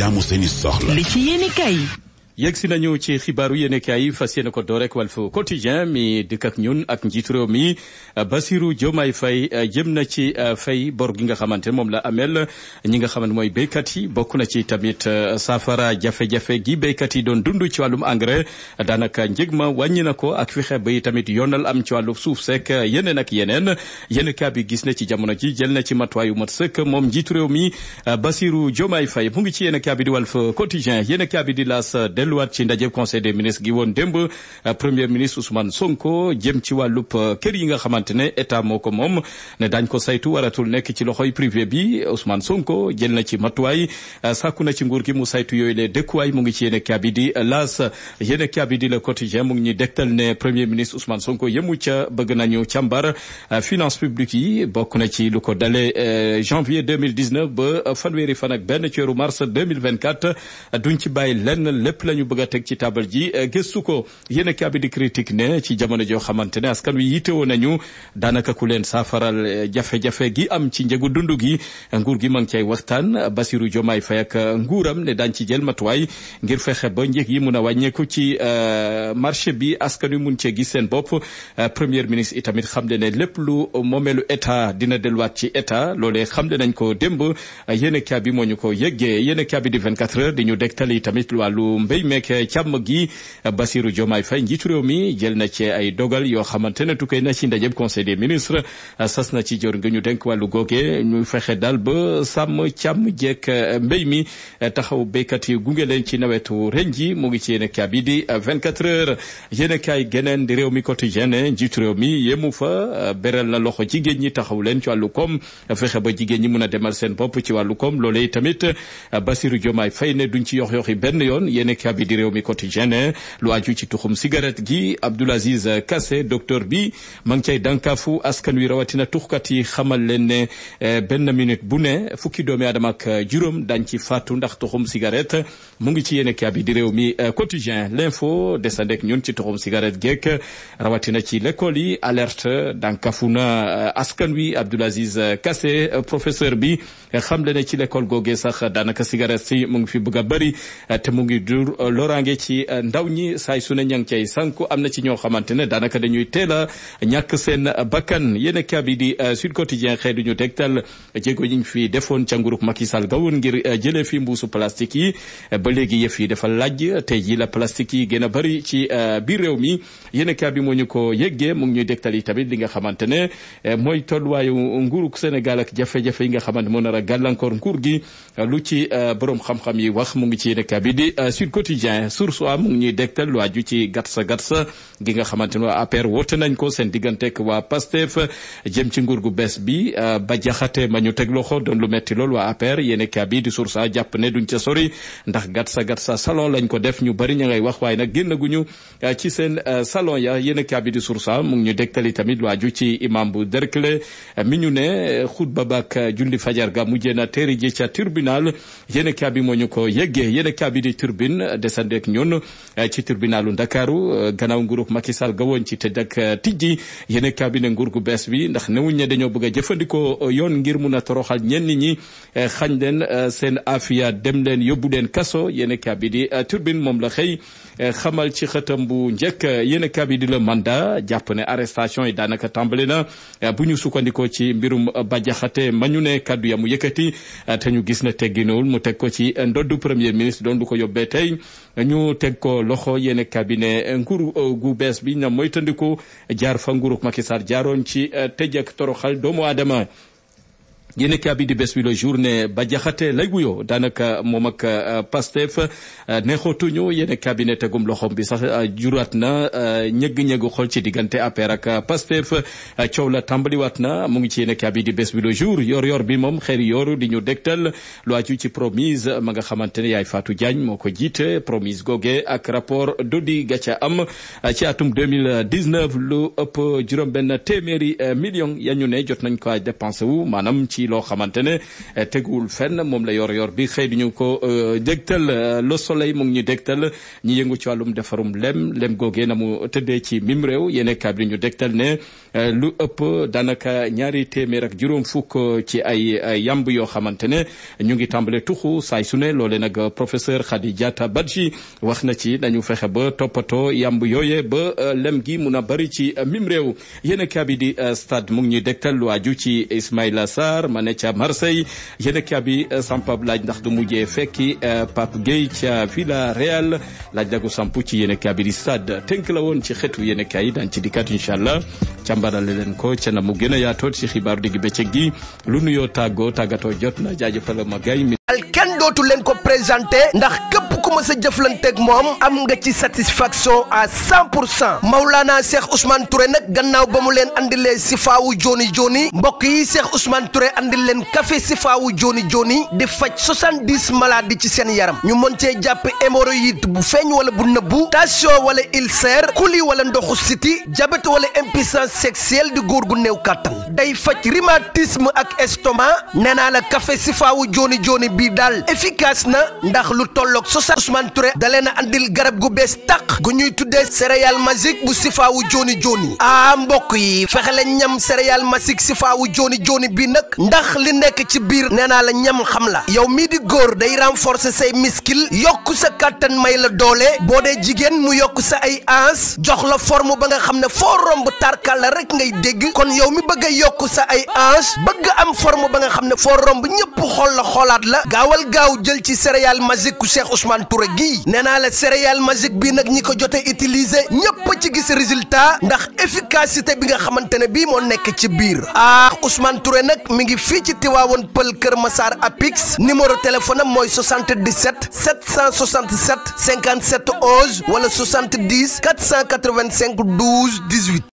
jaamu seeni soxla li ci yéene kay yëgsi nañu ci xibaaru yéenekaay yi fas yéene ko door rek Walf Quotidien mi dikk ak ñun ak njiitu réew mi euh, Basirou Diomaye Faye euh, jëm na ci euh, fay bor gi nga xamante ne moom la amel ñi nga xamante mooy béykat yi bokk na ci tamit saafara jafe-jafe gi béykat yi doon dund ci wàllum engrais daanaka njëg ma wàññi na ko ak fexe bay tamit yoonal am ci wàllu suuf sek yeneen ak yeneen yéenekaay bi gis na ci jamono ji jël na ci matuwaayu mat sek moom njiitu réew mi Basirou Diomaye Faye mu ngi ci yéenekaay bi di Walf Quotidien yéenekaay bi delluwaat ci ndaje conseil des ministres gi woon démb euh, premier ministre Ousmane Sonko jëm ci wàllub euh, kër yi nga xamante ne état moo ko moom ne daañ ko saytu waratu nekk ci loxoy privé bi Ousmane Sonko jël na ci matuwaay euh, sàkku na ci nguur gi mu saytu yooyu le dëkkuwaay mu ngi ci yéene kaabi di laas yéene kaabi di le quotidien mu ngi ñuy dektal ne premier ministre Ousmane Sonko yemu ca bëgg nañu càmbar finance publique yi bokk na ci lu ko dale janvier 2019 ba fanweeri fan ak benn ci weeru mars 2024 duñ ci bàyyi lenn la ñu bëgg teg ci tabal ji euh, gëstu ko yéen a bi ne ci jamono joo xamante ne askan wi yitewoo nañu daanaka ku leen saafaral euh, jafe-jafe gi am ci njëgu dund gi nguur gi ma ngi cay waxtaan Basirou Diomaye Faye ak euh, nguuram ne daañ ci jël matuwaay ngir fexe ba njëg yi mun a wàññeeku ci marché bi askan wi mun cee gis seen bopp premier ministre itamit xam le ne lépp lu moomeelu état dina delluwaat ci état loolee xam le nañ ko demb yéen a bi moo ñu ko yëggee yéen a bi di xëy meeg càmm gi Bassirou Diomaye fay njiitu réew mi jël na ci ay dogal yoo xamante ne tukkee na ci ndajeb conseil des ministres sas na ci jor nga ñu denk wàllu googe ñu fexe daal ba sàmm càmm jeek mbéy mi taxaw béykat yi gunge leen ci nawetu ren ji mu ngi ci yéen a bi di 24 heures yéen a kaay geneen di réew mi quotidien njiitu réew mi yemu fa beral na loxo jigéen ñi taxaw leen ci wàllu koom fexe ba jigéen ñi mun a demal seen bopp ci wàllu koom loolee tamit Bassirou Diomaye bi di réew mi quotidien ne lu aju ci tuxum cigarette gi Abdoul Aziz Kassé docteur bi ma ngi cay dànkaafu askan wi rawatina tuxkat yi xamal leen ne eh, benn minute bu ne fukki doomi aadama ak juróom dañ ci faatu ndax tuxum cigarette mu ngi ci yéene kaa bi di réew mi eh, quotidien l'info desandek ñun ci tuxum cigarette geek rawatina ci l'école yi alerte dànkaafu na eh, askan wi Abdoul Aziz Kassé professeur bi xam le ci l'école googee sax daanaka cigarette si mu ngi fi bëgg a bëri te mu ngi jur loraange ci euh, ndaw ñi saay su ne ña ngi cay sànku am na ci ñoo xamante ne daanaka dañuy teel a ñàkk seen bakkan yenn a bi di euh, Sud Quotidien xëy duñu tegtal jéego yi ñu fi defoon ca nguurug Macky Sall gawoon ngir euh, jëlee fi mbuusu plastique yi ba léegi yëf fi defal laaj tey jii la plastique yi gën a bari ci biir réew mi yéen a bi moo ñu ko yëggee mu ngi ñuy dégtal tamit li nga xamante ne mooy tolluwaayu nguurug Sénégal ak jafe-jafe yi nga xamante moo nar a gàllankoor nguur gi lu ci borom xam-xam yi quotidien source a mu ngi ñuy ne waa APR ko seen digganteeg waa PASTEF bi euh, ba ma ñu teg loxo doon lu metti lool waa APR yéen a bii di source a jàpp ne duñ ca sori ndax gatsa gatsa salon lañ ko def ñu bari ña ngay wax waaye nag génn guñu euh, ci seen euh, salon ya yéen a bii di source mu ñu dégtali tamit lu aju ci imam bu Derklé mi ñu ne xutba baak julli fajar ga mujjee na teeri ji ca tribunal yéen a bi ko yëggee yéen a turbine desandeek ñun eh, ci turbinalu Ndakaaru eh, gannaaw nguurug Macky Sall ga woon ci tëj ak eh, tijji yéen cabinet nguur gu bees bi ndax newuñ ne dañoo bëgg a jëfandikoo yoon ngir mun a toroxal ñenn ñi xañ leen seen afiya dem leen yóbbu leen kaso yéen bi di turbine moom la xëy xamal ci xëtam bu njëkk yéen bi di la mandat jàpp ne arrestation yi daanaka tàmbali na bu ñu sukkandikoo ci mbirum bajaxate ma ñu ne kaddu yam mu yëkkati te ñu gis na tegginawul mu teg ko ci ndoddu premier ministre doon du ko yóbbee ñu teg ko loxo yéen cabinet nguur euh, gu bees bi na moytandiku jaar fa nguurug Macky Sall jaaroon ci euh, tëj ak toroxal doomu aadama yéen kaa bi di bés bi le jour ne ba jaxate lay wuyoo daanaka moom ak euh, Pastef euh, neexootuñu yéen kaa bi ne tegum loxoom bi sax euh, juraat na ñëgg-ñëggu xol ci diggante APR ak Pastef coow la tàmbaliwaat na mu ngi ci yéen kaa bi di bés bi le jour yor-yor bi moom xëy yor di ñu dégtal lu aju ci promise ma xamante ne yaay Fatou Diagne moo ko jiite promise goge ak rapport Dodi Gacha am ci atum 2019 lu ëpp juróom-benn téeméeri million ya ñu ne jot nañ ko ci loo xamante ne eh, teguwul fenn moom la yor yor bi xëy di ñu ko euh, dégtal euh, le soleil mu ngi ñu dégtal ñu yëngu ci wàllum defarum lem lem googee na mu tëddee ci mim réew yéen kaab ñu dégtal ne euh, lu ëpp daanaka ñaari téeméer ak juróom fukk ci ay yamb yoo xamante ne ñu ngi tàmbale tuxu saay su ne loole nag professeur Khady Diatta Badji wax na ci dañu fexe ba toppatoo yamb yooye ba lem gi mun a bari ci mim réew yéen kaab di stade mu ngi ñuy dégtal lu aju ci Ismaïla Sarr ma ne ca Marseille yéenekaay bi euh, sampab laaj ndax du mujjee fekki euh, Pape Gueye ca Villarreal laaj lagu samp ci yéenekaay bi di stade tënk la woon ci xeetu yéenekaay yi daan ci dikkaat incha allah càmbarale leen ko ca na mu gën a yaatoot ci xibaaru digg bëccëg gi lu nuyoo tàggoo tàggatoo jot na jaajëfal ma gay mi. al kenn dootu leen ko présenté ndax képp ku ma sa jëflanteeg moom am nga ci satisfaction à 100 pour cent Maulana Cheikh Ousmane nag gannaaw ba mu leen andilee sifaawu jooni jooni mbokk yi Cheikh Ousmane Touré andil leen café sifaawu jooni jooni di faj 70 maladies ci seen yaram ñu mën cee jàpp hémorroïde bu feeñ wala bu nëbbu tension wala ulcère kuli wala ndoxu siti diabète wala impuissance sexuelle di góor gu néew kàttan day faj rhumatisme ak estomac nee naa la café sifaawu jooni jooni bi daal efficace na ndax lu tolloog Ousmane Touré da leen a andil garab gu bees tàq gu ñuy tuddee céréale magique bu sifaawu jooni jooni ah mbokk yi fexe la ñam céréale magique sifaawu jooni jooni bi nag ndax li nekk ci biir nee naa la ñam xam la yow mii di góor day renforcer say miskil yokk sa kàttan may la doole boo dee jigéen mu yokk sa ay ans jox la forme ba nga xam ne foo romb tarkal la rek ngay dégg kon yow mi bëgg a yokk sa ay ans bëgg am form ba nga xam ne foo romb ñëpp xool la xoolaat la gaawal gaaw jël ci céréale magique ku Cheikh Touré gii nee naa la céréale magique bi nag ñi ko jotee utiliser ñëpp ci gis résultat ndax efficacité bi nga xamante ne bii moo nekk ci biir ah Ousmane Touré nag mi ngi fii ci tiwaawan Pël Kër Massar Apix numéro téléphone am mooy 77 767 57 11 wala 70 485 12 18.